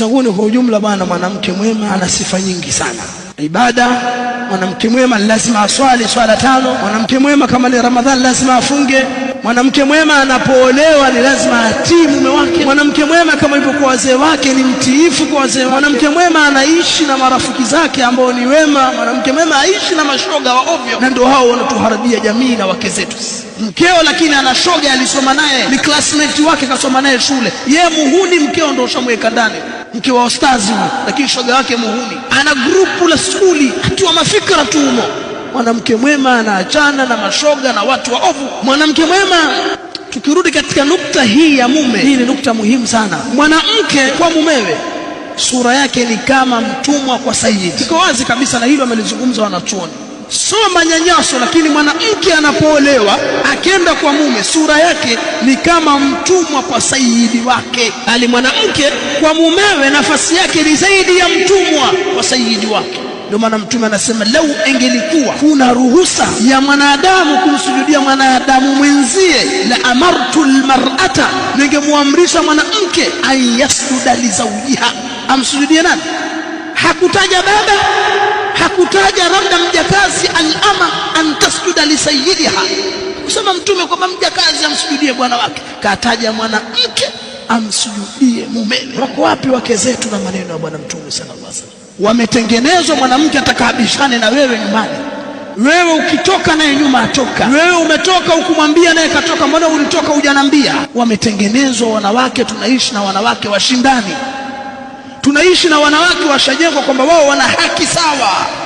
zanguni kwa ujumla bwana, mwanamke mwema ana sifa nyingi sana ibada. Mwanamke mwema lazima aswali swala tano. Mwanamke mwema kama ni Ramadhani lazima afunge. Mwanamke mwema anapoolewa ni lazima atii mume wake. Mwanamke mwema kama kwa wazee wake ni mtiifu kwa wazee Mwanamke mwema anaishi na marafiki zake ambao ni wema. Mwanamke mwema aishi na mashoga wa ovyo, na ndio hao wanatuharibia jamii na wake zetu. Mkeo lakini ana shoga, alisoma naye, ni classmate wake, kasoma naye shule, yeye muhuni. Mkeo ndio ushamweka ndani mke wa ustazi lakini shoga wake muhuni, ana grupu la skuli, watu wa mafikra tu humo. Mwanamke mwema anaachana na mashoga na watu waovu. Mwanamke mwema Tukirudi katika nukta hii ya mume, hii ni nukta muhimu sana. Mwanamke kwa mumewe, sura yake ni kama mtumwa kwa sayidi. Iko wazi kabisa, na hilo amelizungumza wanachuoni sio manyanyaso, lakini mwanamke anapoolewa akenda kwa mume, sura yake ni kama mtumwa kwa sayidi wake. Ali mwanamke kwa mumewe, nafasi yake ni zaidi ya mtumwa kwa sayidi wake. Ndio maana Mtume anasema lau engelikuwa kuna ruhusa ya mwanadamu kumsujudia mwanadamu mwenzie, la amartu lmar'ata, ningemwamrisha mwanamke an yasjuda lizaujiha, amsujudie nani? Hakutaja baba hakutaja labda mjakazi alama antasjuda lisayidiha, kusema Mtume kwamba mjakazi amsujudie bwana wake, kataja mwanamke amsujudie mumewe. Wako wapi wake zetu na maneno ya Bwana Mtume sallallahu alaihi wasallam? Wametengenezwa mwanamke atakaabishane na wewe nyumbani, wewe ukitoka naye nyuma atoka, wewe umetoka ukumwambia naye katoka, mbona ulitoka hujanambia? Wametengenezwa wanawake, tunaishi na wanawake washindani tunaishi na wanawake washajengwa kwamba wao wana haki sawa